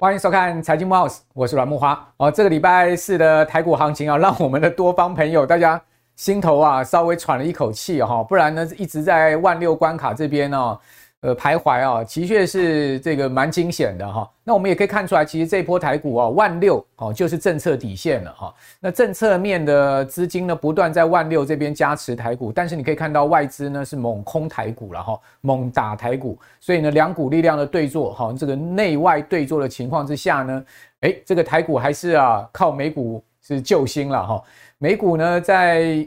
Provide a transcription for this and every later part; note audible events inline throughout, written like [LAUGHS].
歡迎收看《財經慕 House》，我是阮慕驊哦。這個禮拜四的台股行情啊，讓我們的多方朋友大家心頭啊稍微喘了一口氣哈、哦，不然呢一直在萬六關卡這邊、哦呃，徘徊啊、哦，的確是這個蠻驚險的哈、哦。那我們也可以看出來，其實這波台股啊、哦，萬六、哦、就是政策底線了哈、哦。那政策面的資金呢，不斷在萬六這邊加持台股，但是你可以看到外資呢是猛空台股了哈、哦，猛打台股，所以呢，兩股力量的對坐哈，這個內外對坐的情況之下呢，哎，這個台股還是啊靠美股是救星了哈、哦。美股呢在。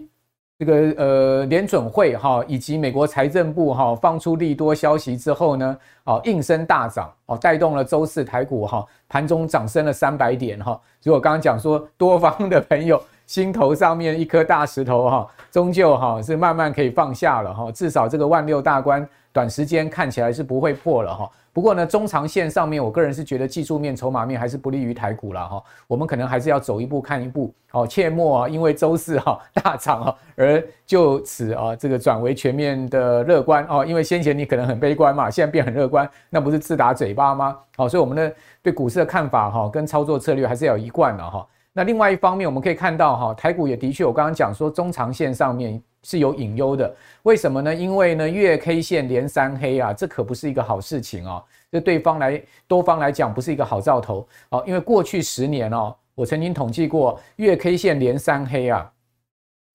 這個呃聯準會哈以及美國財政部哈放出利多消息之後呢，哦應聲大漲哦，帶動了週四台股哈盤中漲升了三百點哈。所以我剛剛講說多方的朋友心頭上面一顆大石頭哈，終究哈是慢慢可以放下了哈，至少這個萬六大關短時間看起來是不會破了哈。不過呢，中長線上面，我個人是覺得技術面、籌碼面還是不利於台股了哈。我們可能還是要走一步看一步哦，切莫啊，因為周四哈大漲啊，而就此啊這個轉為全面的樂觀哦，因為先前你可能很悲觀嘛，現在變很樂觀，那不是自打嘴巴嗎？哦，所以我們呢，對股市的看法哈，跟操作策略還是要一貫的哈。那另外一方面，我們可以看到哈，台股也的確，我剛剛講說，中長線上面是有隱憂的。為什麼呢？因為呢，月 K 線連三黑啊，這可不是一個好事情哦。這對方來多方來講，不是一個好兆頭哦。因為過去十年哦，我曾經統計過，月 K 線連三黑啊，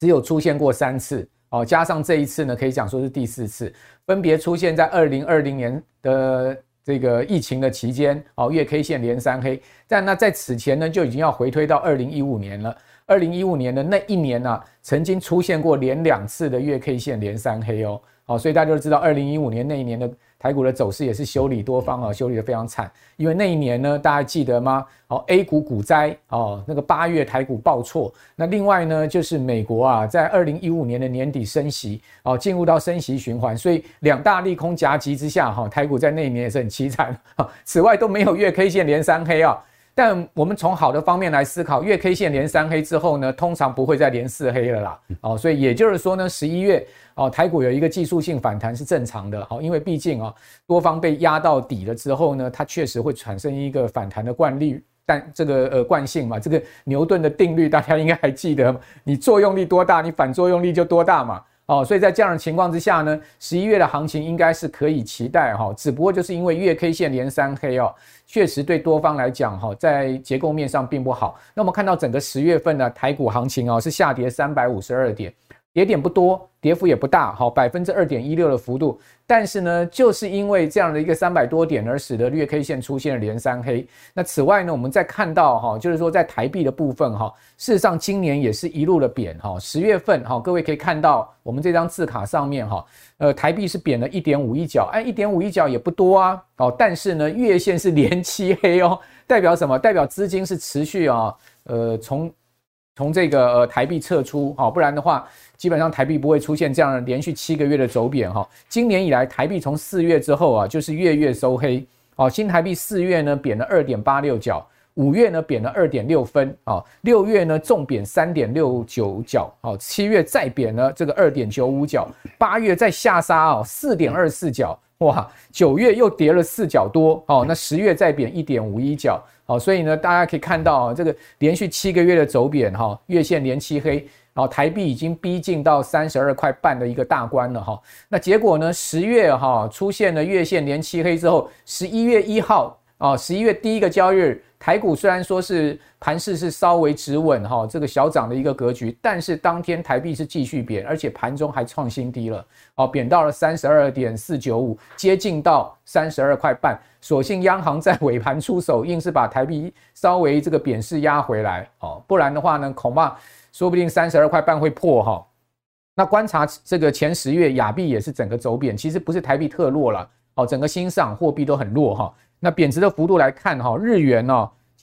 只有出現過三次哦，加上這一次呢，可以講說是第四次，分別出現在二零二零年的。這個疫情的期間，哦，月 K 線連三黑，但那在此前呢，就已經要回推到二零一五年了。二零一五年的那一年呢，啊，曾經出現過連兩次的月 K 線連三黑哦，好，哦，所以大家都知道，二零一五年那一年的。台股的走勢也是修理多方啊，修理得非常慘，因為那一年呢，大家記得嗎？好 A 股股災哦，那個八月台股爆挫，那另外呢，就是美國啊，在二零一五年的年底升息哦，進入到升息循環，所以兩大利空夾擊之下哈，台股在那一年也是很淒慘，此外都沒有月 K 線連三黑啊。但我們從好的方面來思考，月 K 線連三黑之後呢，通常不會再連四黑了啦。哦，所以也就是說呢，十一月哦，台股有一個技術性反彈是正常的。好、哦，因為畢竟啊、哦，多方被壓到底了之後呢，它確實會產生一個反彈的慣例。但這個呃慣性嘛，這個牛頓的定律大家應該還記得，你作用力多大，你反作用力就多大嘛。哦，所以在這樣的情況之下呢，十一月的行情應該是可以期待哈、哦，只不過就是因為月 K 線連三黑哦，確實對多方來講哈、哦，在結構面上並不好。那我們看到整個十月份呢，台股行情哦是下跌三百五十二點。跌點不多，跌幅也不大，好，百分之二點一六的幅度，但是呢，就是因為這樣的一個三百多點，而使得月 K 線出現了連三黑。那此外呢，我們再看到哈，就是說在台幣的部分哈，事實上今年也是一路的貶哈，十月份哈，各位可以看到我們這張字卡上面哈，呃，台幣是貶了一點五一角，哎，一點五一角也不多啊，哦，但是呢，月線是連七黑哦，代表什麼？代表資金是持續啊，呃，從從這個，呃，台幣撤出啊，不然的話。基本上台幣不會出現這樣連續七個月的走貶哈。今年以來，台幣從四月之後啊，就是月月收黑哦。新台幣四月呢貶了二點八六角，五月呢貶了二點六分哦，六月呢重貶三點六九角哦，七月再貶了這個二點九五角，八月再下殺啊，四點二四角哇，九月又跌了四角多哦，那十月再貶一點五一角哦，所以呢大家可以看到啊這個連續七個月的走貶哈，月線連七黑。哦，台幣已經逼近到三十二塊半的一個大關了哈。那結果呢？十月哈出現了月線連七黑之後，十一月一號啊，十一月第一個交易日，台股雖然說是盤勢是稍微止穩哈，這個小漲的一個格局，但是當天台幣是繼續貶，而且盤中還創新低了。哦，貶到了三十二點四九五，接近到三十二塊半。所幸央行在尾盤出手，硬是把台幣稍微這個貶勢壓回來。哦，不然的話呢，恐怕。說不定三十二塊半會破哈，那觀察這個前十月亞幣也是整個走貶，其實不是台幣特弱了，整個新市場貨幣都很弱哈。那貶值的幅度來看哈，日元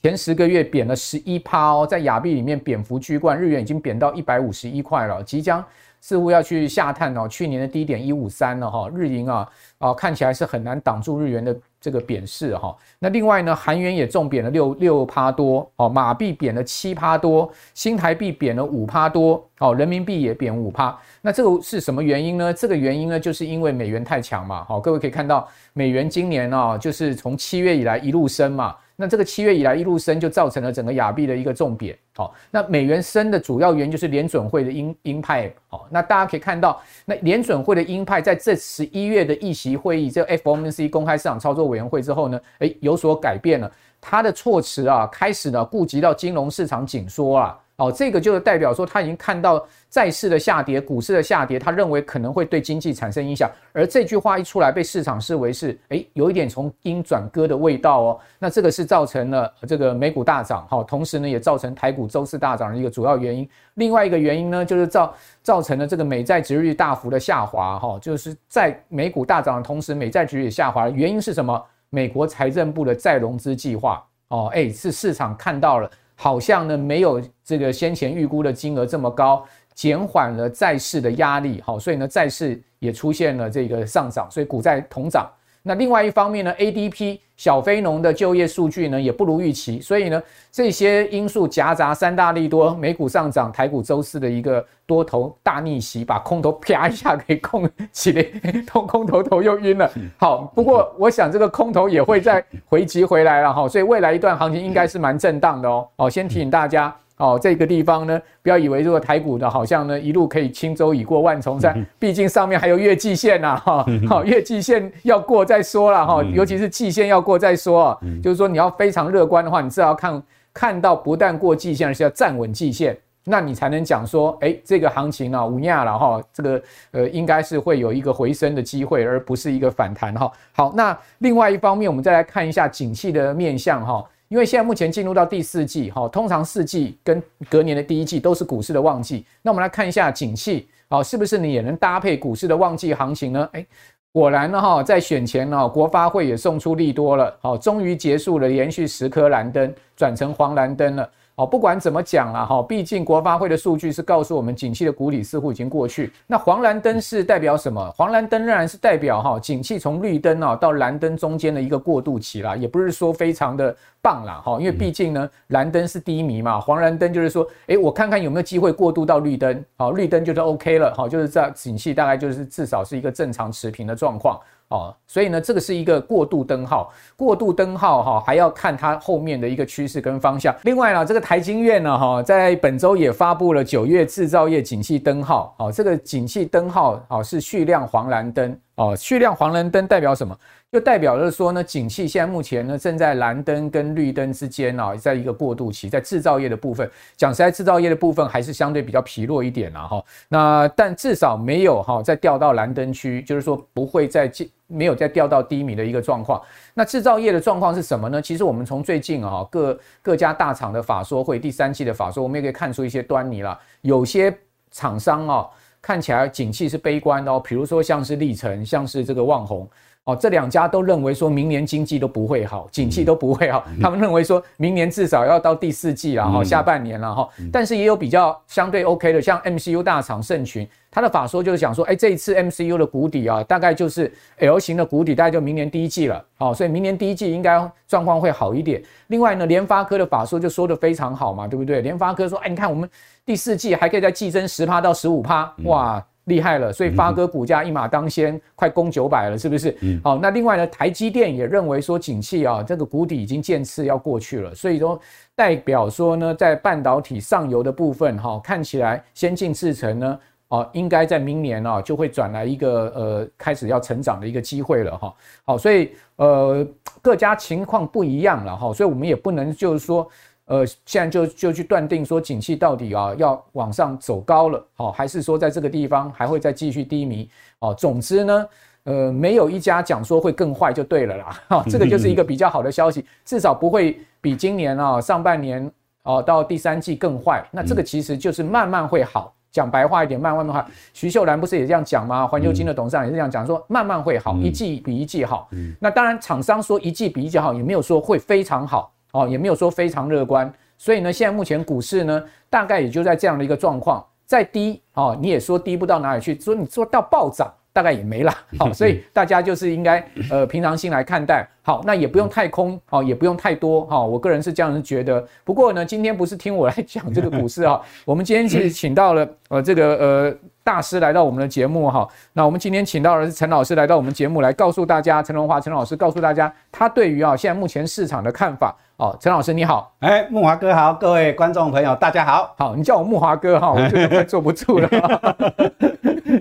前十個月貶了十一趴哦，在亞幣裡面貶幅居冠，日元已經貶到一百五十一塊了，即將。似乎要去下探哦，去年的低點一五三了哈，日銀啊啊看起來是很難擋住日元的這個貶勢哈。那另外呢，韓元也重貶了六六趴多哦，馬幣貶了七趴多，新台幣貶了五趴多哦，人民幣也貶五趴。那這個是什麼原因呢？這個原因呢，就是因為美元太強嘛。好，各位可以看到，美元今年哦，就是從七月以來一路升嘛。那這個七月以來一路升，就造成了整個亞幣的一個重貶。好，那美元升的主要原因就是聯準會的鷹鷹派。好，那大家可以看到，那聯準會的鷹派在這十一月的議息會議，這 FOMC 公開市場操作委員會之後呢，誒，有所改變了，他的措辭啊，開始呢顧及到金融市場緊縮啊。哦，這個就是代表說他已經看到債市的下跌、股市的下跌，他認為可能會對經濟產生影響。而這句話一出來，被市場視為是誒有一點從鷹轉鴿的味道哦。那這個是造成了這個美股大漲，哈、哦，同時呢也造成台股周四大漲的一個主要原因。另外一個原因呢，就是造造成了這個美債殖利率大幅的下滑，哈、哦，就是在美股大漲的同時，美債殖利率也下滑。原因是什麼？美國財政部的再融資計劃哦，哎，是市場看到了。好像呢，沒有這個先前預估的金額這麼高，減緩了債市的壓力，好，所以呢，債市也出現了這個上漲，所以股債同漲。那另外一方面呢，ADP 小非農的就業數據呢也不如預期，所以呢，這些因素夾雜三大利多，美股上漲，台股週四的一個多頭大逆襲，把空頭啪一下給控起來， [LAUGHS] 誒空頭頭又暈了。好，不過我想這個空頭也會再回擊回來了哈，所以未來一段行情應該是蠻震盪的哦。好，先提醒大家。哦，這個地方呢，不要以為這個台股的，好像呢一路可以輕舟已過萬重山， [LAUGHS] 畢竟上面還有月季線啦、啊、哈，好、哦、 [LAUGHS] 月季線要過再說了哈，尤其是季線要過再說， [LAUGHS] 就是說你要非常樂觀的話，你至少要看看到不但過季線，而是要站穩季線，那你才能講說，誒，這個行情啊，無、嗯、壓了哈，這個呃應該是會有一個回升的機會，而不是一個反彈哈、哦。好，那另外一方面，我們再來看一下景氣的面向哈。因為現在目前進入到第四季，哈、哦，通常四季跟隔年的第一季都是股市的旺季，那我們來看一下景氣，好、哦，是不是你也能搭配股市的旺季行情呢？誒，果然呢，哈，在選前呢、哦，國發會也送出利多了，好、哦，終於結束了連續十顆藍燈，轉成黃藍燈了。好，不管怎麼講啊，哈，畢竟國發會的數據是告訴我們，景氣的谷底似乎已經過去。那黃藍燈是代表什麼？黃藍燈仍然是代表哈，景氣從綠燈啊到藍燈中間的一個過渡期啦，也不是說非常的棒啦，哈，因為畢竟呢，藍燈是低迷嘛，黃藍燈就是說，誒，我看看有沒有機會過渡到綠燈，好，綠燈就是 OK 了，好，就是在景氣大概就是至少是一個正常持平的狀況。哦，所以呢，這個是一個過渡燈號，過渡燈號哈、哦，還要看它後面的一個趨勢跟方向。另外呢，這個台經院呢哈、哦，在本周也發布了九月製造業景氣燈號，哦，這個景氣燈號哦，是續亮黃藍燈。哦，續亮黃藍燈代表什麼？就代表了說呢，景氣現在目前呢，正在藍燈跟綠燈之間啊，在一個過渡期。在製造業的部分，講實在，製造業的部分還是相對比較疲弱一點啦。哈。那但至少沒有哈、哦，在掉到藍燈區，就是說不會再沒有再掉到低迷的一個狀況。那製造業的狀況是什麼呢？其實我們從最近啊、哦，各各家大廠的法說會第三季的法說，我們也可以看出一些端倪啦。有些廠商啊、哦。看起來景氣是悲觀的哦，比如說像是力成，像是這個旺宏。哦，這兩家都認為說，明年經濟都不會好，景氣都不會好。他們認為說，明年至少要到第四季了，哈，下半年了哈。但是也有比較相對 OK 的，像 MCU 大廠盛群，他的法說就是講說，哎，這一次 MCU 的谷底啊，大概就是 L 型的谷底，大概就明年第一季了。所以明年第一季應該狀況會好一點。另外呢，聯發科的法說就說得非常好嘛，對不對？聯發科說，哎，你看我們第四季還可以再季增十趴到十五趴，哇。厲害了，所以發哥股價一馬當先，快攻九百了，是不是？好，那另外呢，台積電也認為說景氣啊，這個谷底已經漸次要過去了，所以說代表說呢，在半導體上游的部分，哈，看起來先進製程呢，哦，應該在明年啊，哦，就會轉來一個呃開始要成長的一個機會了哈。好，所以呃各家情況不一樣了哈，所以我們也不能就是說。呃，現在就就去斷定說景氣到底啊要往上走高了，好、哦，還是說在這個地方還會再繼續低迷？哦，總之呢，呃，沒有一家講說會更壞就對了啦。哈、哦，這個就是一個比較好的消息， [LAUGHS] 至少不會比今年啊上半年啊、哦、到第三季更壞。那這個其實就是慢慢會好，講、嗯、白話一點，慢慢會好，徐秀蘭不是也這樣講嗎？環球晶的董事長也是這樣講，說慢慢會好、嗯，一季比一季好。嗯。那當然，廠商說一季比一季好，也沒有說會非常好。哦，也沒有說非常樂觀，所以呢，現在目前股市呢，大概也就在這樣的一個狀況，再低，哦，你也說低不到哪裡去，說你說到暴漲，大概也沒了，好，所以大家就是應該呃平常心來看待，好，那也不用太空，好，也不用太多，好，我個人是這樣子覺得。不過呢，今天不是聽我來講這個股市啊、喔，我們今天是請到了呃這個呃大師來到我們的節目哈、喔，那我們今天請到的是陳老師來到我們節目來告訴大家，陳榮華陳老師告訴大家他對於啊、喔、現在目前市場的看法。哦，陳老師你好，哎、欸，慕驊哥好，各位觀眾朋友大家好，好，你叫我慕驊哥哈、哦，我就快坐不住了。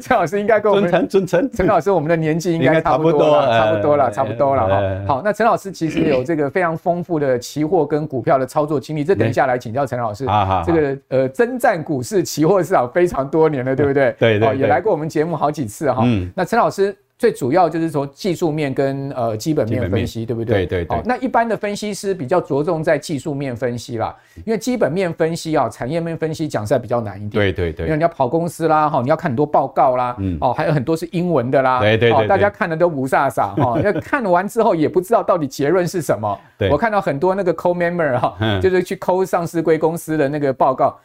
陳 [LAUGHS] [LAUGHS] 老師應該跟我們尊稱、尊稱，陳老師，我們的年紀應該差不多了，差不多了、嗯，差不多了哈、嗯。好，那陳老師其實有這個非常豐富的期貨跟股票的操作經歷，這等一下來請教陳老師。嗯、這個呃，征戰股市、期貨市場非常多年了、嗯、對不對？對哦，也來過我們節目好幾次哈、哦。嗯。那陳老師。最主要就是從技術面跟呃基本面分析，對不對？對，對對。那一般的分析師比較着重在技術面分析啦，因為基本面分析啊、產業面分析講起來比較難一點。對對對。因為你要跑公司啦，哈，你要看很多報告啦，哦、嗯，還有很多是英文的啦，對對對，對。大家看的都霧煞煞，哈， [LAUGHS] 看完之後也不知道到底結論是什麼。我看到很多那個摳 member 哈、嗯，就是去摳上市櫃公司的那個報告，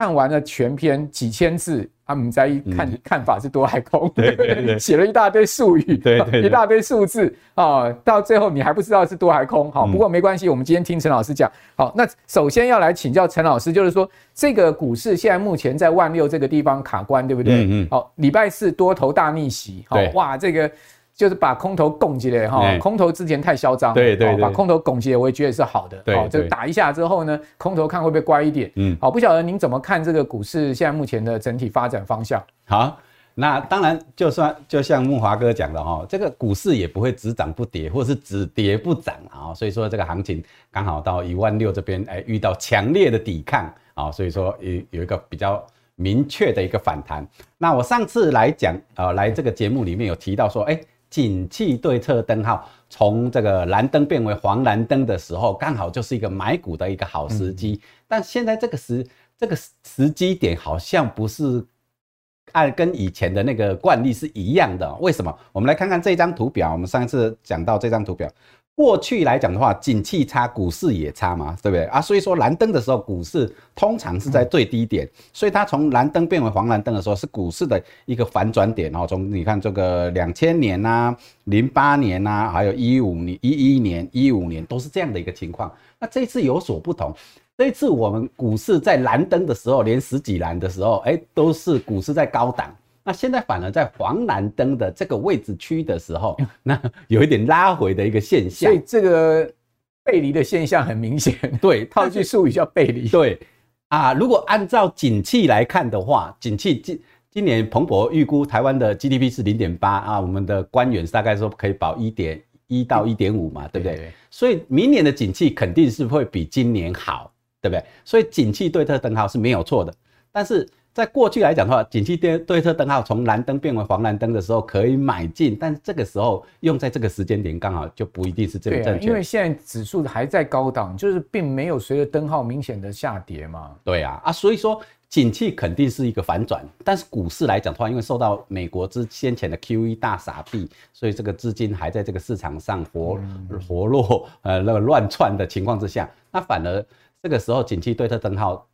看完了全篇幾千字。他們在看、嗯、看法是多還空，寫 [LAUGHS] 了一大堆術語，對對對對，一大堆數字啊、哦，到最後你還不知道是多還空。哦、不過沒關係，我們今天聽陳老師講。好、哦，那首先要來請教陳老師，就是說這個股市現在目前在萬六這個地方卡關，對不對？好、嗯嗯，禮、哦、拜四多頭大逆襲，好、哦、哇，這個。就是把空頭拱起來哈，空頭之前太囂張了，嗯、對,對對，把空頭拱起來，我也覺得是好的，對就、這個、打一下之後呢，空頭看會不會乖一點，嗯，好，不曉得您怎麼看這個股市現在目前的整體發展方向？好，那當然就，就算就像慕驊哥講的哈，這個股市也不會只漲不跌，或是只跌不漲啊，所以說這個行情剛好到一萬六這邊、哎，遇到強烈的抵抗啊，所以說有有一個比較明確的一個反彈。那我上次來講，呃，來這個節目裡面有提到說，哎景氣對策燈號從這個藍燈變為黃藍燈的時候，剛好就是一個買股的一個好時機，嗯。但現在這個時這個時機點好像不是按跟以前的那個慣例是一樣的，為什麼？我們來看看這張圖表，我們上一次講到這張圖表。過去來講的話，景氣差，股市也差嘛，對不對啊？所以說藍燈的時候，股市通常是在最低點。所以它從藍燈變為黃藍燈的時候，是股市的一個反轉點哦。然後從你看這個兩千年吶、啊、零八年吶、啊，還有一五年、一一年、一五年，都是這樣的一個情況。那這次有所不同，這次我們股市在藍燈的時候，連十幾藍的時候，哎、欸，都是股市在高檔。那現在反而在黃藍燈的這個位置區的時候、嗯，那有一點拉回的一個現象，所以這個背離的現象很明顯。對，套句術語叫背離。對，啊，如果按照景氣來看的話，景氣今今年彭博預估台灣的 GDP 是零點八啊，我們的官員是大概說可以保一點一到一點五嘛，對不對,對,對,對？所以明年的景氣肯定是會比今年好，對不對？所以景氣對策燈號是沒有錯的，但是。在過去來講的話，景氣對策燈號從藍燈變為黃藍燈的時候可以買進，但這個時候用在這個時間點剛好就不一定是這個正確、啊，因為現在指數還在高檔，就是並沒有隨着燈號明顯的下跌嘛。對啊，啊，所以說景氣肯定是一個反轉，但是股市來講的話，因為受到美國之先前的 Q E 大撒幣，所以這個資金還在這個市場上活、嗯、活絡呃亂亂竄的情況之下，那反而這個時候景氣對策燈號。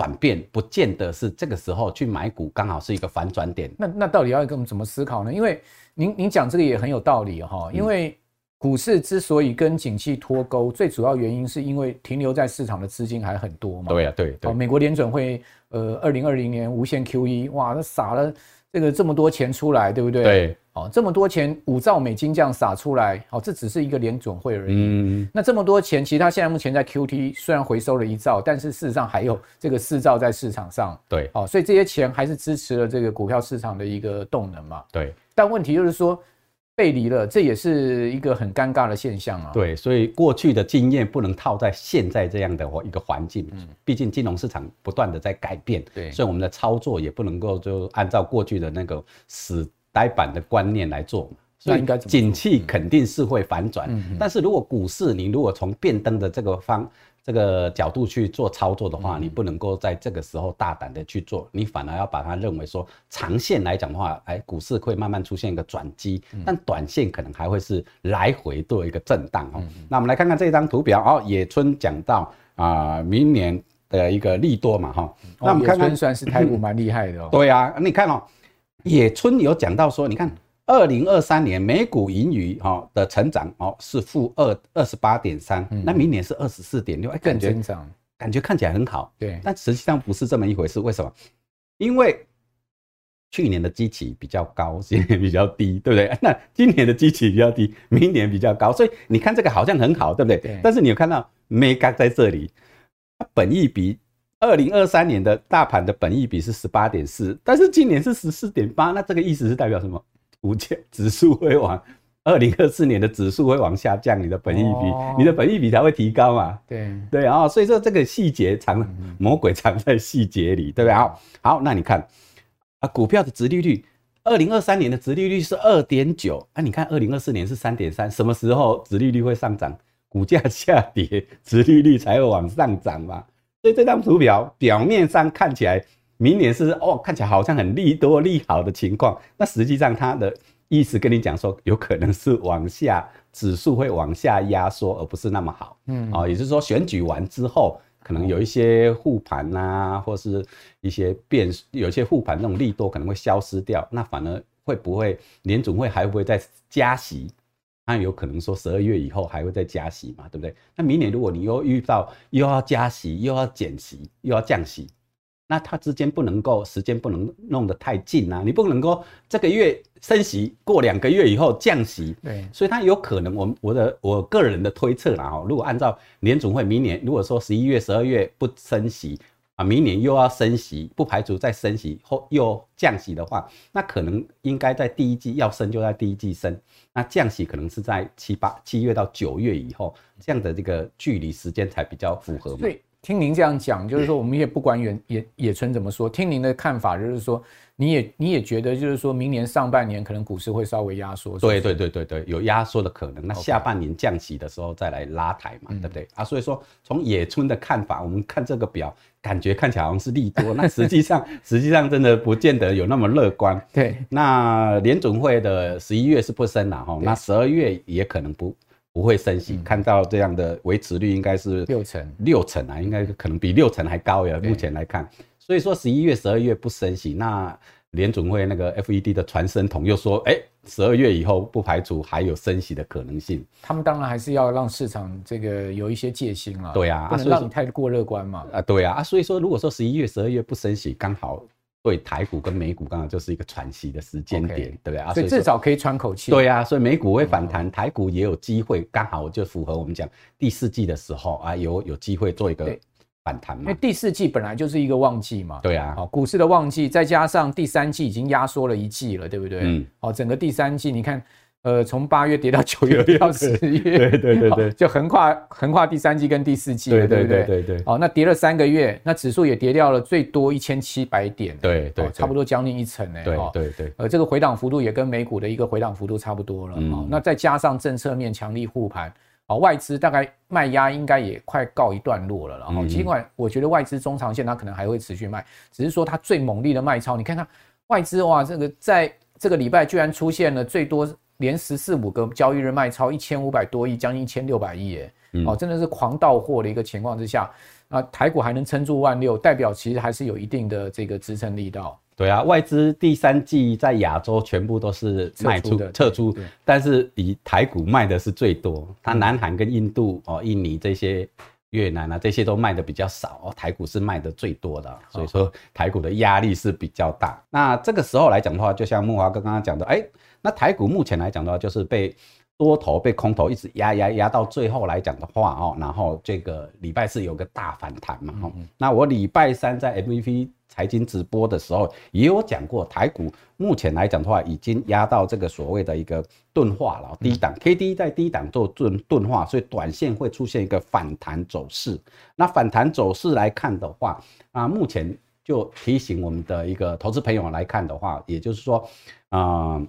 轉變不見得是這個時候去買股剛好是一個反轉點，那那到底要跟我們怎麼思考呢？因為您您講這個也很有道理哈、哦嗯，因為股市之所以跟景氣脫鈎，最主要原因是因為停留在市場的資金還很多嘛。對啊，對對。美國聯準會呃，二零二零年無限 QE，哇，那傻了。這個這麼多錢出來，對不對？對，好、哦，這麼多錢五兆美金這樣撒出來，好、哦，這只是一個聯準會而已，嗯。那這麼多錢，其實它現在目前在 Q T 雖然回收了一兆，但是事實上還有這個四兆在市場上。對，好、哦，所以這些錢還是支持了這個股票市場的一個動能嘛。對，但問題就是說，背離了，這也是一個很尷尬的現象啊。對，所以過去的經驗不能套在現在這樣的一個環境。嗯，畢竟金融市場不斷的在改變。對，所以我們的操作也不能夠就按照過去的那個死呆板的觀念來做。嗯，所以應該，景氣肯定是會反轉。嗯。但是如果股市你如果從變燈的這個方這個角度去做操作的話，你不能夠在這個時候大膽的去做，你反而要把它認為說長線來講的話，哎，股市會慢慢出現一個轉機，但短線可能還會是來回做一個震盪，嗯、那我們來看看這張圖表哦，野村講到啊、呃，明年的一個利多嘛哈、哦。那我們看看，算、哦、是台股蠻厲害的、哦嗯。對啊，你看哦，野村有講到說，你看。二零二三年每股盈餘哈的成長哦是負二二十八點三，那明年是二十四點六，哎，感覺感覺看起來很好，對，但實際上不是這麼一回事。為什麼？因為去年的基期比較高，今年比較低，對不對？那今年的基期比較低，明年比較高，所以你看這個好像很好，對不對？但是你有看到 mega 在這裡，它，本益比二零二三年的大盤的本益比是十八點四，但是今年是十四點八，那這個意思是代表什麼？股價指數會往二零二四年的指數會往下降，你的本益比，你的本益比才會提高嘛？對對啊，所以說這個細節藏魔鬼藏在細節裡，對不對？好，好，那你看啊，股票的殖利率，二零二三年的殖利率是二點九，啊，你看二零二四年是三點三，什麼時候殖利率會上漲？股價下跌，殖利率才會往上漲嘛？所以這張圖表表面上看起來。明年是哦，看起來好像很利多利好的情況，那實際上他的意思跟你講說，有可能是往下指數會往下壓縮，而不是那麼好。嗯，啊、哦，也就是說選舉完之後，可能有一些護盤啊、嗯，或是一些變，有一些護盤那種利多可能會消失掉。那反而會不會聯準會還會不會再加息？他、啊、有可能說十二月以後還會再加息嘛，對不對？那明年如果你又遇到又要加息，又要減息，又要降息。那它之間不能夠時間不能弄得太近啊，你不能夠這個月升息，過兩個月以後降息。對，所以它有可能我，我我的我個人的推測啦哈，如果按照聯準會明年如果說十一月、十二月不升息啊，明年又要升息，不排除再升息後又降息的話，那可能應該在第一季要升就在第一季升，那降息可能是在七八七月到九月以後，這樣的這個距離時間才比較符合嘛。聽您這樣講，就是說我們也不管野野野村怎麼說，yeah. 聽您的看法，就是說你也你也覺得就是說明年上半年可能股市會稍微壓縮，對對對對對，有壓縮的可能。那下半年降息的時候再來拉抬嘛，okay. 對不對啊？所以說從野村的看法，我們看這個表，感覺看起來好像是利多， [LAUGHS] 那實際上實際上真的不見得有那麼樂觀。 [LAUGHS] 對，那聯準會的十一月是不升了哈，那十二月也可能不。不會升息，嗯，看到這樣的維持率應該是六成六成啊，成應該可能比六成還高呀，啊嗯，目前來看，所以說十一月、十二月不升息，那聯準會那個 FED 的傳聲筒又說，哎、欸，十二月以後不排除還有升息的可能性。他們當然還是要讓市場這個有一些戒心啊。對啊，不能讓你太過樂觀嘛。啊，對啊，對啊，所以說如果說十一月、十二月不升息，剛好。對台股跟美股剛好就是一個喘息的時間點，對不對啊？okay，所所以至少可以喘口氣。對啊，所以美股會反彈，嗯、台股也有機會，剛好就符合我們講第四季的時候啊，有有機會做一個反彈嘛？因為第四季本來就是一個旺季嘛。對啊、哦，股市的旺季再加上第三季已經壓縮了一季了，對不對？嗯，好、哦，整個第三季你看。呃，從八月跌到九月，跌到十月，對對對對,對,對、哦，就橫跨橫跨第三季跟第四季對對？對對,對,對,對,對、哦。那跌了三個月，那指數也跌掉了最多一千七百點，對對,對,對、哦，差不多將近一成哎。哦、對,對,對對呃，這個回檔幅度也跟美股的一個回檔幅度差不多了對對對對、哦。那再加上政策面強力護盤，啊、哦，外資大概賣壓應該也快告一段落了。然、哦、後，儘管我覺得外資中長線它可能還會持續賣，只是說它最猛烈的賣超，你看看外資哇，這個在這個禮拜居然出現了最多。連十四五個交易日賣超一千五百多億，將近一千六百億，哎、嗯，哦、喔，真的是狂倒貨的一個情況之下，那、啊、台股還能撐住萬六，代表其實還是有一定的這個支撐力道。對啊，外資第三季在亞洲全部都是賣出的撤出,的撤出,撤出，但是以台股賣的是最多，它南韓跟印度、哦、喔、印尼這些。越南啊，這些都賣的比較少哦，台股是賣的最多的，所以說台股的壓力是比較大，哦。那這個時候來講的話，就像慕驊哥剛剛講的，哎、欸，那台股目前來講的話，就是被多頭被空頭一直壓壓壓到最後來講的話哦，然後這個禮拜四有個大反彈嘛，哦、嗯嗯，那我禮拜三在 MVP。財經直播的時候也有講過，台股目前來講的話，已經壓到這個所謂的一個鈍化了，低檔 KD 在低檔做鈍鈍化，所以短線會出現一個反彈走勢。那反彈走勢來看的話，啊，目前就提醒我們的一個投資朋友來看的話，也就是說，啊、呃，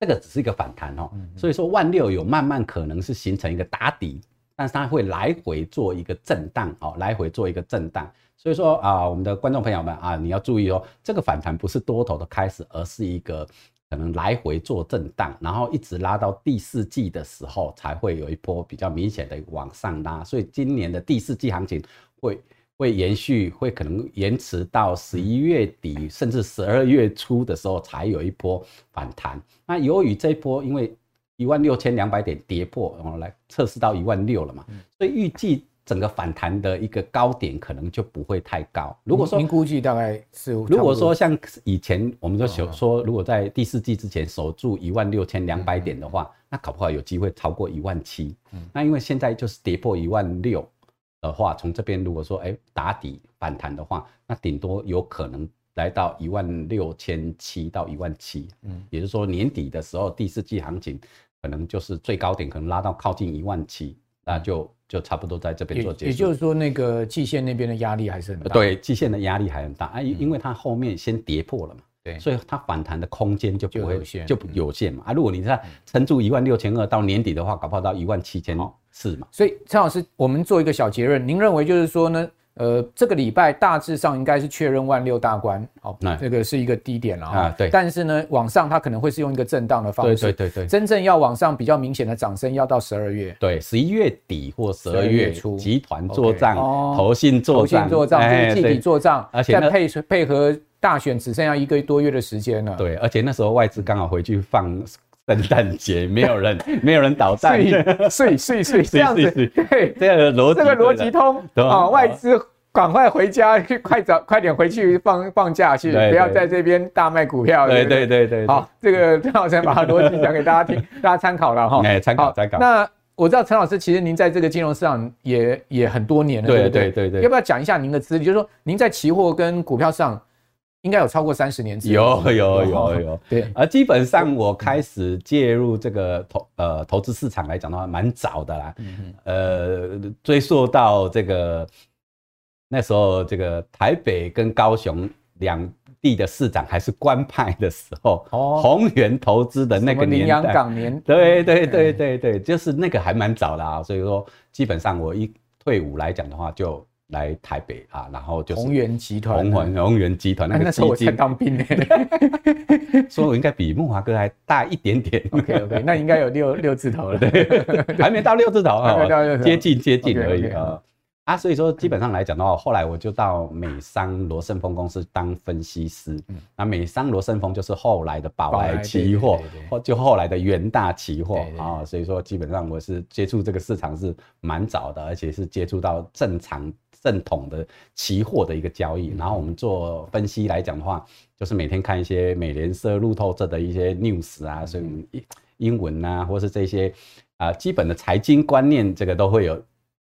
這個只是一個反彈哦，所以說萬六有慢慢可能是形成一個打底，但是它會來回做一個震盪哦，來回做一個震盪。所以說啊，我們的觀眾朋友們啊，你要注意哦，這個反彈不是多頭的開始，而是一個可能來回做震盪，然後一直拉到第四季的時候，才會有一波比較明顯的往上拉。所以今年的第四季行情會會延續，會可能延遲到十一月底，甚至十二月初的時候才有一波反彈。那由於這波因為一萬六千兩百點跌破，然後來測試到一萬六了嘛，所以預計。整個反彈的一個高點可能就不會太高。如果說您估計大概是，如果說像以前我們就說說，如果在第四季之前守住一萬六千兩百點的話，嗯嗯嗯，那搞不好有機會超過一萬七。嗯，那因為現在就是跌破一萬六的話，從這邊如果說哎、欸、打底反彈的話，那頂多有可能來到一萬六千七到一萬七。嗯，也就是說年底的時候第四季行情可能就是最高點可能拉到靠近一萬七、嗯嗯，那就。就差不多在這邊做結束。也就是說，那個季線那邊的壓力還是很大。對，季線的壓力還很大啊，因因為它後面先跌破了嘛，對、嗯，所以它反彈的空間就不會就有限，就不有限嘛啊。如果你在撐住一萬六千二到年底的話，搞不好到一萬七千四嘛、哦。所以，陳老師，我們做一個小結論，您認為就是說呢？呃，這個禮拜大致上應該是確認萬六大關，好、哦，那、啊、這個是一個低點了、哦、哈、啊。對。但是呢，往上它可能會是用一個震盪的方式。對對對,對真正要往上比較明顯的漲升，要到十二月。對，十一月底或十二月,月初，集團做賬，投信做帳，做賬，對集體做賬，而且配配合大選，只剩下一個多月的時間了。對，而且那時候外資剛好回去放。聖誕節沒有人，沒有人搗蛋，碎碎碎這樣子，對這樣子，對，這個邏輯，這個邏輯通，好、哦，外資趕快回家，去快找快點回去放放假去對對對，不要在這邊大賣股票，對對對對，對對對對，好，這個陳老師把它邏輯講給大家聽， [LAUGHS] 大家參考了哈，哎，參考、考。那我知道陳老師其實您在這個金融市場也也很多年了對不對，對對對對，要不要講一下您的資歷？就是說您在期貨跟股票上。應該有超過三十年之久有有有有，有 [LAUGHS] 對。而基本上我開始介入這個投呃投資市場來講的話，蠻早的啦、嗯。呃，追溯到這個那時候，這個台北跟高雄兩地的市長還是官派的時候，宏、哦、源投資的那個年代年，對對對對對，就是那個還蠻早的啊。所以說，基本上我一退伍來講的話，就來台北啊，然後就是紅源集、啊、集團，紅紅源集團那個。啊、那時候我才當兵呢，所以 [LAUGHS] 我應該比慕驊哥還大一點點。OK OK，那應該有六六字頭了 [LAUGHS] 還頭、啊，還沒到六字頭啊，接近接近而已啊。Okay, okay, 啊，所以說基本上來講的話、嗯，後來我就到美商羅盛峰公司當分析師。嗯、那美商羅盛峰就是後來的寶來期貨，對對對對，就後來的元大期貨啊、哦。所以說基本上我是接觸這個市場是蠻早的，而且是接觸到正常。正統的期貨的一個交易，然後我們做分析來講的話，就是每天看一些美聯社、路透社的一些 news 啊，所以英文啊，或是這些啊、呃、基本的財經觀念，這個都會有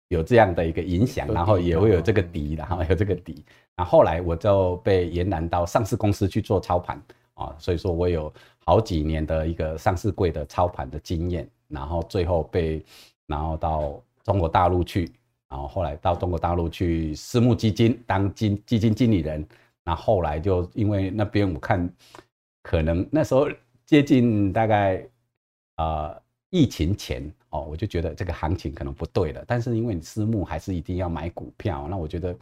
有這樣的一個影響，然後也會有這個底，然後有這個底。然後後來我就被延攬到上市公司去做操盤啊，所以說我有好幾年的一個上市櫃的操盤的經驗，然後最後被然後到中國大陸去。然後後來到中國大陸去私募基金當基基金經理人，那後，後來就因為那邊我看可能那時候接近大概啊、呃、疫情前哦，我就覺得這個行情可能不對了。但是因為你私募還是一定要買股票，那我覺得，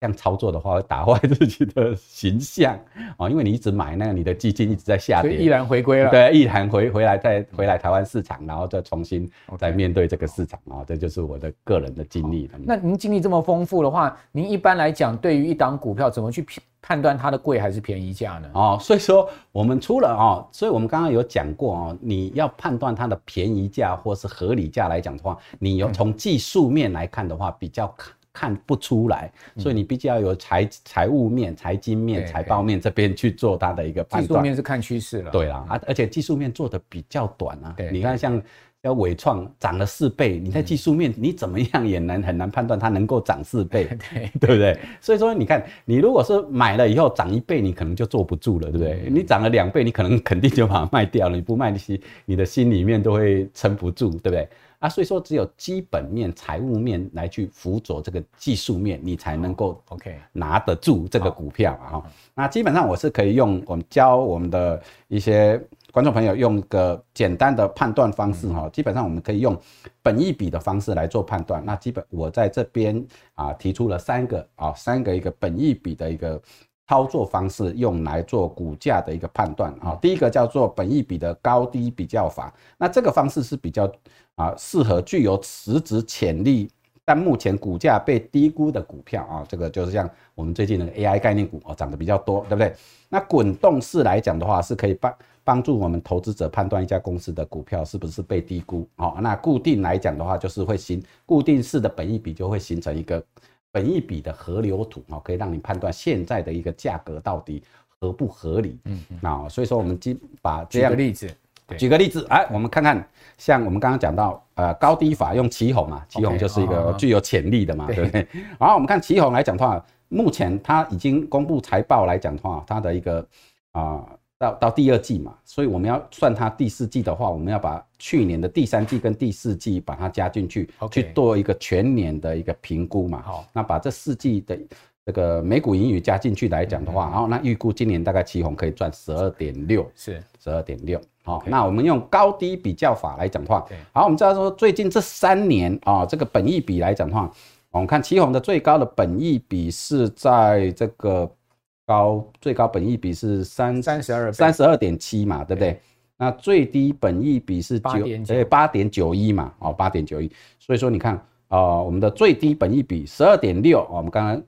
這樣操作的話會打壞自己的形象哦，因為你一直買，那你的基金一直在下跌，毅然回歸了。對、啊，毅然回回來再回來台灣市場，然後再重新再面對這個市場啊、okay. 哦！這就是我的個人的經歷、哦、那您經歷這麼豐富的話，您一般來講對於一檔股票怎麼去判判斷它的貴還是便宜價呢？哦，所以說我們除了哦，所以我們剛剛有講過哦，你要判斷它的便宜價或是合理價來講的話，你要從技術面來看的話、嗯、比較看不出來，所以你必須要有財財務面、財經面、財、嗯、財報面這邊去做它的一個判斷。技術面是看趨勢了。對啊，而且技術面做的比較短啊。嗯、你看像要緯創漲了四倍，你在技術面你怎麼樣也能很難判斷它能夠漲四倍，嗯對，對不對？所以說你看，你如果說買了以後漲一倍，你可能就坐不住了，對不對？嗯、你漲了兩倍，你可能肯定就把它賣掉了，你不賣，你心你的心裡面都會撐不住，對不對？啊，所以說只有基本面、財務面來去輔佐這個技術面，你才能夠 OK 拿得住這個股票啊。Oh, okay. 那基本上我是可以用我們教我們的一些觀眾朋友用一個簡單的判斷方式哈，基本上我們可以用本益比的方式來做判斷。那基本我在這邊啊提出了三個啊三個一個本益比的一個操作方式，用來做股價的一個判斷啊、哦，第一個叫做本益比的高低比較法，那這個方式是比較啊適合具有實質潛力但目前股價被低估的股票啊、哦，這個就是像我們最近的 AI 概念股啊，漲、哦、得比較多，對不對？那滾動式來講的話，是可以幫幫助我們投資者判斷一家公司的股票是不是被低估啊、哦。那固定來講的話，就是會形固定式的本益比就會形成一個本益比的河流圖啊，可以讓你判斷現在的一個價格到底合不合理。嗯，啊、嗯，所以說我們今把舉個例子，舉個例子，哎、啊，我們看看，像我們剛剛講到，呃，高低法用奇鋐嘛，奇鋐就是一個具有潛力的嘛 okay, 對，對。然後我們看奇鋐來講的話，目前它已經公布財報來講的話，它的一個啊。呃到到第二季嘛，所以我們要算它第四季的話，我們要把去年的第三季跟第四季把它加進去，okay. 去做一個全年的一個評估嘛。好、okay.，那把這四季的這個每股盈餘加進去來講的話，然、okay. 後那預估今年大概奇鋐可以賺十二點六，是十二點六。好，那我們用高低比較法來講的話，okay. 好，我們知道說最近這三年啊、哦，這個本益比來講的話，我們看奇鋐的最高的本益比是在這個。高最高本益比是三三十二三十二點七嘛，對不對、欸？那最低本益比是九、欸，哎，八點九一嘛，哦，八點九一。所以說你看啊、呃，我們的最低本益比十二點六，我們剛剛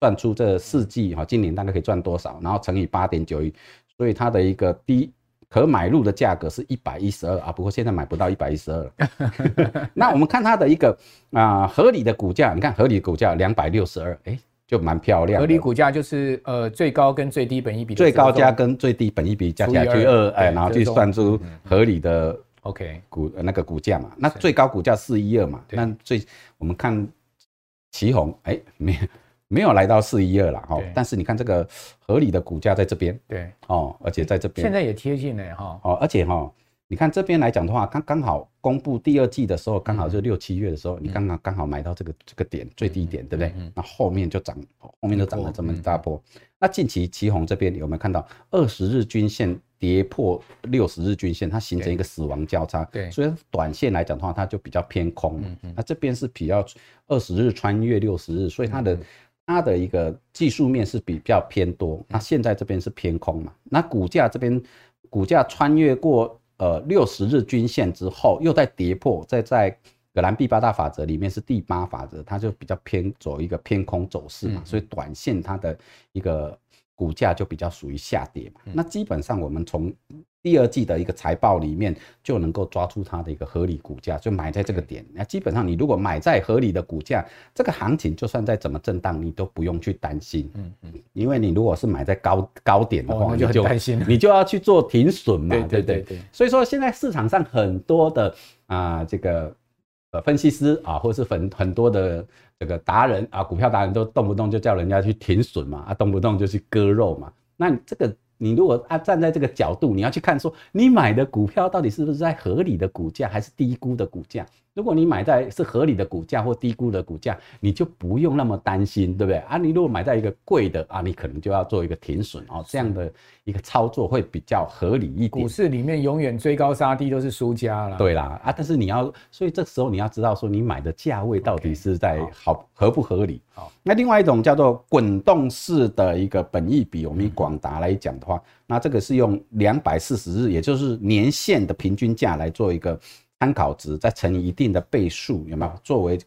算出這四季哈、哦，今年大概可以賺多少，然後乘以八點九一，所以它的一個低可買入的價格是一百一十二啊，不過現在買不到一百一十二。 [LAUGHS] [LAUGHS] 那我們看它的一個啊、呃、合理的股價，你看合理的股價兩百六十二，哎、欸。就蠻漂亮。合理股價就是呃最高跟最低本益比，最高價跟最低本益比加起來除二，哎，然後去算出合理的 OK 股那個股價嘛。那最高股價四一二嘛，那最我們看奇鋐哎沒有沒有來到四一二了哈，但是你看這個合理的股價在這邊，對哦，而且在這邊現在也貼近了哈，哦而且哈。你看這邊來講的話，剛剛好公布第二季的時候，剛好是六七月的時候，你剛剛剛好買到這個這個點、嗯、最低點，對不對？那、嗯嗯、後，後面就漲，後面就漲了這麼大波。嗯嗯、那近期奇鋐這邊有沒有看到二十日均線跌破六十日均線，它形成一個死亡交叉？對，所以短線來講的話，它就比較偏空。那這邊是比較二十日穿越六十日，所以它的、嗯嗯、它的一個技術面是比較偏多。那現在這邊是偏空嘛？那股價這邊股價穿越過。呃，六十日均線之後又在跌破，在在葛蘭碧八大法則裡面是第八法則，它就比較偏走一個偏空走勢，嘛、嗯，所以短線它的一個。股價就比較屬於下跌嘛，那基本上我們從第二季的一個財報裡面就能夠抓出它的一個合理股價，就買在這個點。那基本上你如果買在合理的股價，這個行情就算再怎麼震盪，你都不用去擔心。嗯嗯，因為你如果是買在高高點的話，哦、就很擔心你就你就要去做停損嘛， [LAUGHS] 對，對，對對對。所以說現在市場上很多的啊、呃、這個。分析師啊，或者是很很多的這個達人啊，股票達人，都動不動就叫人家去停損嘛，啊，動不動就去割肉嘛。那這個你如果啊站在這個角度，你要去看說，你買的股票到底是不是在合理的股價，還是低估的股價？如果你買在是合理的股價或低估的股價，你就不用那麼擔心，對不對啊？你如果買在一個貴的啊，你可能就要做一個停損哦、喔，這樣的一個操作會比較合理一點。股市裡面永遠追高殺低都是輸家啦。對啦啊，但是你要，所以這時候你要知道說，你買的價位到底是在好, okay, 好合不合理？好，那另外一種叫做滾動式的一個本益比，我們以廣達來講的話、嗯，那這個是用兩百四十日，也就是年限的平均價來做一個。參考值再乘以一定的倍數，有沒有作為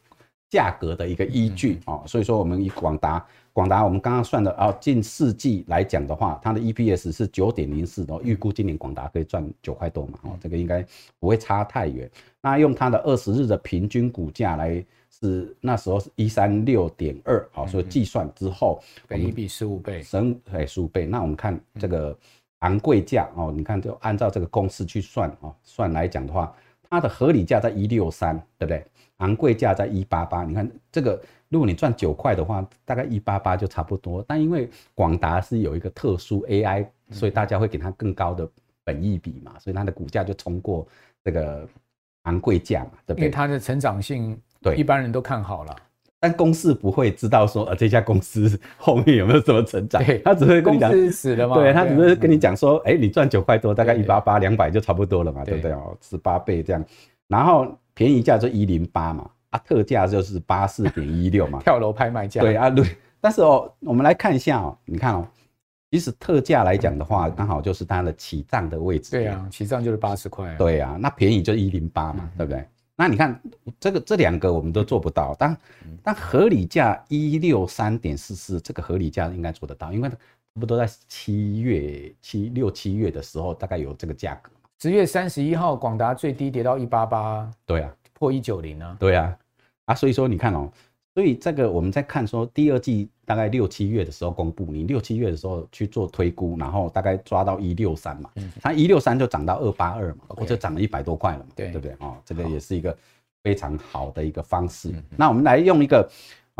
價格的一個依據哦，所以說我們以廣達，廣達我們剛剛算的啊、哦，近四季來講的話，它的 EPS 是九點零四，預估今年廣達可以賺九塊多嘛，哦，這個應該不會差太遠。那用它的二十日的平均股價來是那時候是一三六點二，所以計算之後，本益比十五倍，十五、欸、倍。那我們看這個昂貴價哦，你看就按照這個公式去算哦，算來講的話。它的合理價在一六三，對不對？昂貴價在一八八。你看這個，如果你賺九塊的話，大概一八八就差不多。但因為廣達是有一個特殊 AI，所以大家會給它更高的本益比嘛，嗯、所以它的股價就衝過這個昂貴價嘛，對不對？因為它的成長性，對，一般人都看好了。但公司不會知道說，呃，這家公司後面有沒有什麼成長？他只會跟你講。對，他只會跟你講說，對啊，欸、你賺九塊多，大概一八八、兩百就差不多了嘛，對，對不對，哦？十八倍這樣，然後便宜價就一零八嘛，啊，特價就是八四點一六嘛，跳樓拍賣價。對啊，對。但是哦，我們來看一下哦，你看哦，其實特價來講的話，剛好就是它的起漲的位置。對啊，起漲就是八十塊。對啊，那便宜就一零八嘛，嗯，對不對？那你看，這個這兩個我們都做不到。但但合理價一六三點四四，這個合理價應該做得到，因為不都在七月七六七月的時候，大概有這個價格。十月三十一號，廣達最低跌到一八八，對啊，破一九零呢，對啊，啊，所以說你看哦。所以這個我們在看說，第二季大概六七月的時候公布，你六七月的時候去做推估，然後大概抓到一六三嘛，嗯，它一六三就漲到二八二嘛，我就漲了一百多塊了嘛，對，對不對啊？哦，這個也是一個非常好的一個方式。那我們來用一個。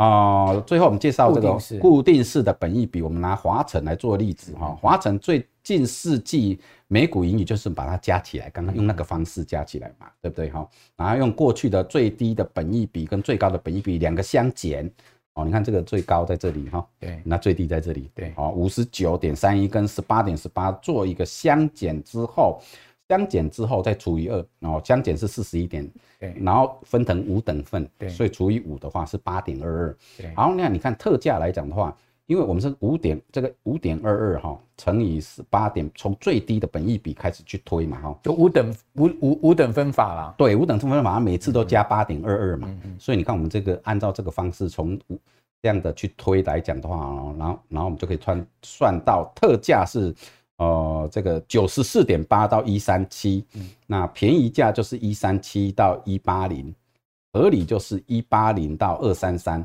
哦，最後我們介紹這個固定式的本益比，我們拿華城來做例子哈。華城最近四季每股盈餘就是把它加起來，剛剛用那個方式加起來嘛，對不對哈？然後用過去的最低的本益比跟最高的本益比兩個相減哦。你看這個最高在這裡哈，對，那最低在這裡，對，好，五十九點三一跟十八點十八做一個相減之後。相減之後再除以二，然後相減是四十一點，對，然後分成五等份，對，所以除以五的話是八點二二，對，然後那你,你看特價來講的話，因為我們是五點這個五點二二哈乘以十八點，從最低的本益比開始去推嘛哈，就五等五五五等分法啦，對，五等分法每次都加八點二二嘛嗯嗯嗯，所以你看我們這個按照這個方式從這樣的去推來講的話，然後然後我們就可以算算到特價是。哦、呃，這個九十四點八到一三七，那便宜價就是一三七到一八零，合理就是一八零到二三三，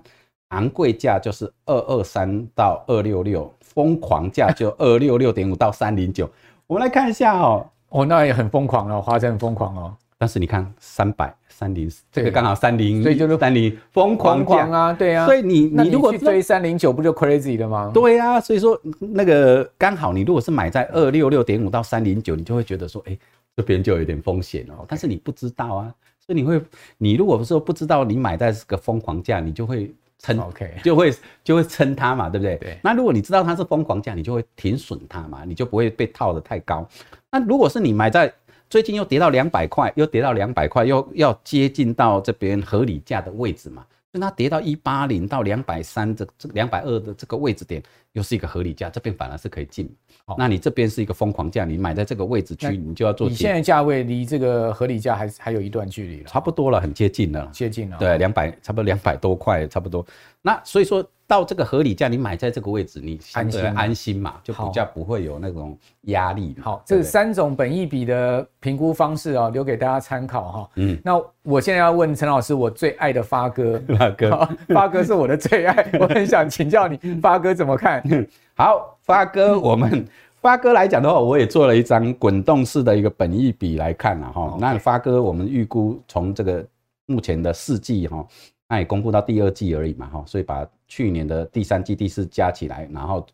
昂貴價就是二二三到二六六，瘋狂價就二六六點五到三零九。我們來看一下哦、喔，哦，那也很瘋狂哦，華城很瘋狂哦。但是你看三百。300三零四，這個剛好三零，所以就是三零瘋狂狂，狂啊，對啊，所以你你如果你去追三零九，不就 crazy 了嗎？對啊，所以說那個剛好你如果是買在二六六點五到三零九，你就會覺得說，哎、欸，這邊就有點風險哦、喔。Okay. 但是你不知道啊，所以你會，你如果說不知道你買在這個瘋狂價，你就會撐、okay，就會就會撐它嘛，對不對，對？那如果你知道它是瘋狂價，你就會停損它嘛，你就不會被套得太高。那如果是你買在。最近又跌到兩百塊，又跌到兩百塊，又要接近到這邊合理價的位置嘛？所以它跌到一八零到兩百三，這這兩百二的這個位置點，又是一個合理價，這邊反而是可以進、哦。那你這邊是一個瘋狂價，你買在這個位置去，哦、你就要做。你現在價位離這個合理價還還有一段距離了、哦，差不多了，很接近了，接近了、哦。對，兩百，差不多兩百多塊，差不多。那所以說。到這個合理價，你買在這個位置，你安心安心嘛，就比較不會有那種壓力。好，好對對，這三種本益比的評估方式啊、哦，留給大家參考哈、哦。嗯，那我現在要問陳老師，我最愛的發哥，發哥，發哥是我的最愛， [LAUGHS] 我很想請教你，發哥怎麼看？ [LAUGHS] 好，發哥，我們發哥來講的話，我也做了一張滾動式的一個本益比來看了、啊、哈。Okay. 那發哥，我們預估從這個目前的四季哈、哦。那也公布，到第二季而已嘛哈，所以把去年的第三季、第四加起來，然後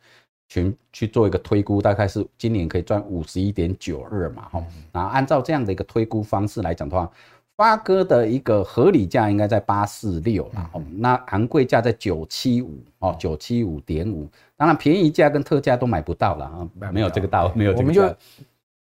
全去做一個推估，大概是今年可以賺五十一點九二嘛哈，然後按照這樣的一個推估方式來講的話，發哥的一個合理價應該在八四六，然、嗯、後那昂貴價在九七五哦，九七五點五，當然便宜價跟特價都買不到了啊，沒有這個道，沒有這個。嗯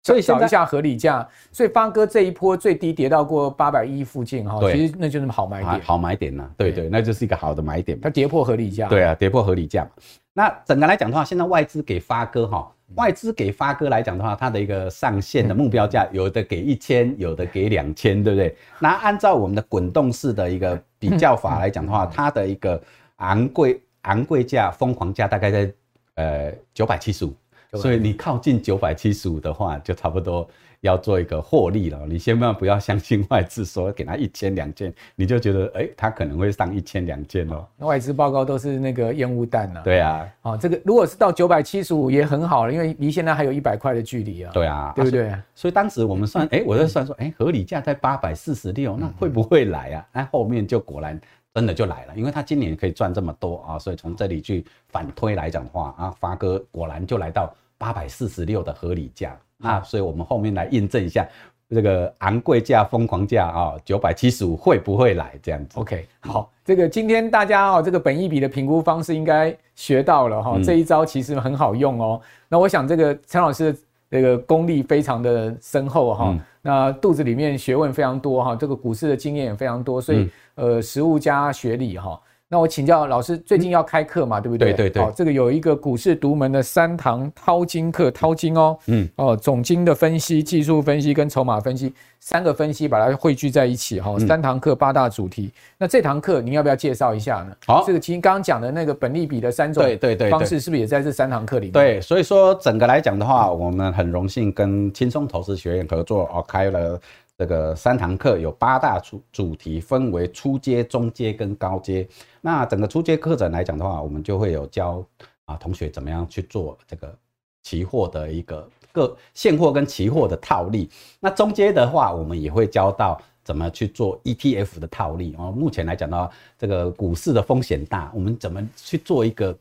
所以找一下合理價，所以發哥這一波最低跌到過八百一附近哈，對，其實那就是好買點，好，好買點吶、啊，對對，對，對，那就是一個好的買點。它跌破合理價，對啊，跌破合理價。那整個來講的話，現在外資給發哥哈，外資給發哥來講的話，它的一個上限的目標價，有的給一千，有的給兩千，對不對？那按照我們的滾動式的一個比較法來講的話，它 [LAUGHS] 的一個昂貴昂貴價、瘋狂價大概在呃九百七十五。所以你靠近九百七十五的話，就差不多要做一個獲利了。你千萬不要相信外資說給他一千兩千，你就覺得哎、欸，他可能會上一千兩千哦。外資報告都是那個煙霧彈呢？對啊，啊、哦、這個如果是到九百七十五也很好了，因為離現在還有一百塊的距離啊。對啊，對不對？啊、所以、所以當時我們算，哎、欸，我在算說，哎、欸，合理價在八百四十六，那會不會來啊？那、啊、後面就果然真的就來了，因為他今年可以賺這麼多啊、哦，所以從這裡去反推來講的話，啊，發哥果然就來到。八百四十六的合理價，那、啊、所以我們後面來驗證一下這個昂貴價、瘋狂價啊、哦，九百七十五會不會來這樣子？OK，好，這個今天大家哦，這個本益比的評估方式應該學到了哈、哦，這一招其實很好用哦。嗯、那我想這個陳老師的這個功力非常的深厚哈、哦嗯，那肚子裡面學問非常多哈、哦，這個股市的經驗也非常多，所以呃，實務加學歷哈、哦。那我請教老師，最近要開課嘛、嗯？對不對？對對對。哦、這個有一個股市獨門的三堂淘金課，淘金哦。嗯。哦，總經的分析、技術分析跟籌碼分析三個分析，把它匯聚在一起哈、哦。三堂課八大主題。嗯、那這堂課您要不要介紹一下呢？好、哦，這個其實剛剛講的那個本益比的三種方式，是不是也在這三堂課裡面對對對對？對，所以說整個來講的話、嗯，我們很榮幸跟輕鬆投資學院合作哦，開了這個三堂課，有八大主主題，分為初階、中階跟高階。那整個初階課程來講的話，我們就會有教，啊，同學怎麼樣去做這個期貨的一個個現貨跟期貨的套利。那中階的話，我們也會教到怎麼去做 ETF 的套利哦，目前來講的話，這個股市的風險大，我們怎麼去做一個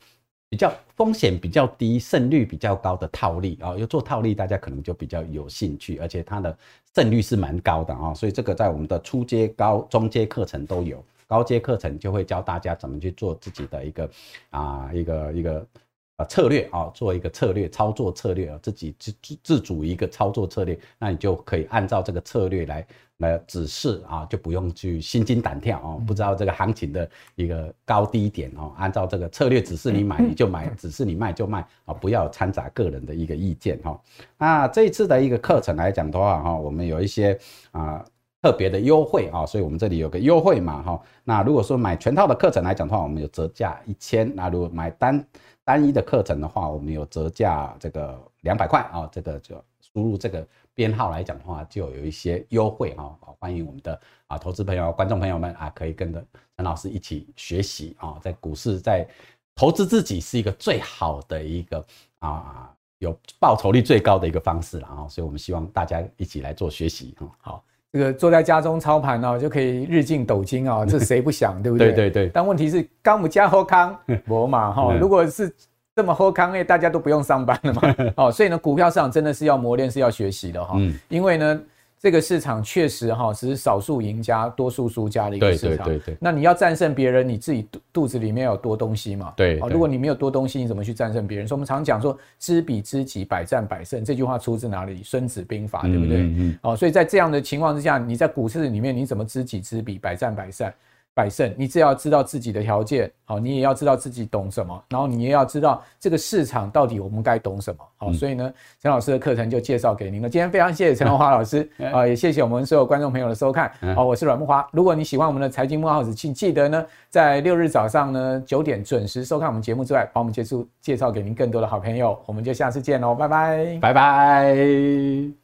比較風險比較低、勝率比較高的套利啊？要做套利，大家可能就比較有興趣，而且它的勝率是蠻高的啊。所以這個在我們的初階、高中階課程都有。高階課程就會教大家怎麼去做自己的一個啊一個一個策略啊，做一個策略，操作策略，自己自自主一個操作策略，那你就可以按照這個策略來來指示啊，就不用去心驚膽跳哦，不知道這個行情的一個高低點哦，按照這個策略指示你買你就買，指示你賣就賣啊，不要摻雜個人的一個意見哈。那這一次的一個課程來講的話哈，我們有一些啊。呃特別的優惠啊，所以我們這裡有個優惠嘛哈。那如果說買全套的課程來講的話，我們有折價一千；那如果買單單一的課程的話，我們有折價這個兩百塊啊。這個就輸入這個編號來講的話，就有一些優惠啊。好，歡迎我們的啊投資朋友、觀眾朋友們啊，可以跟着陳老師一起學習啊。在股市，在投資自己是一個最好的一個啊有報酬率最高的一個方式了啊。所以我們希望大家一起來做學習哈。好。這個坐在家中操盤呢，就可以日進斗金啊！這誰不想，對不對？ [LAUGHS] 對對對，但問題是，高姆加好康博 [LAUGHS] 嘛哈、哦，如果是這麼好康誒，大家都不用上班了嘛。 [LAUGHS] 哦，所以呢，股票市場真的是要磨練，是要學習的哈。嗯。因為呢。 [LAUGHS] 嗯這個市場確實哈、哦，只是少數贏家、多數輸家的一個市場。對對對對。那你要戰勝別人，你自己肚肚子裡面有多東西嘛？對，對、哦。如果你沒有多東西，你怎麼去戰勝別人？所以我們常講說“知彼知己，百戰百勝”這句話出自哪裡？《孫子兵法》對不對？嗯嗯嗯。哦，所以在這樣的情況之下，你在股市裡面，你怎麼知己知彼，百戰百勝？百勝，你只要知道自己的條件好、哦，你也要知道自己懂什麼，然後你也要知道這個市場到底我們該懂什麼好、哦嗯。所以呢，陳老師的課程就介紹給您了。今天非常謝謝陳榮華老師啊、嗯呃，也謝謝我們所有觀眾朋友的收看。好、嗯哦，我是阮慕驊。如果你喜歡我們的財經慕 House，請記得呢，在六日早上呢九點準時收看我們節目之外，幫我們介紹介紹給您更多的好朋友。我們就下次見嘍，拜拜，拜拜。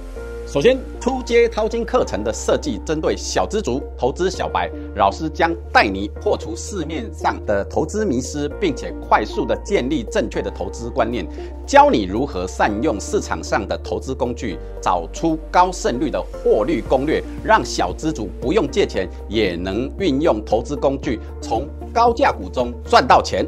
首先，初階淘金課程的設計針對小資族、投資小白，老師將帶你破除市面上的投資迷思，並且快速的建立正確的投資觀念，教你如何善用市場上的投資工具，找出高勝率的獲利攻略，讓小資族不用借錢也能運用投資工具，從高價股中賺到錢。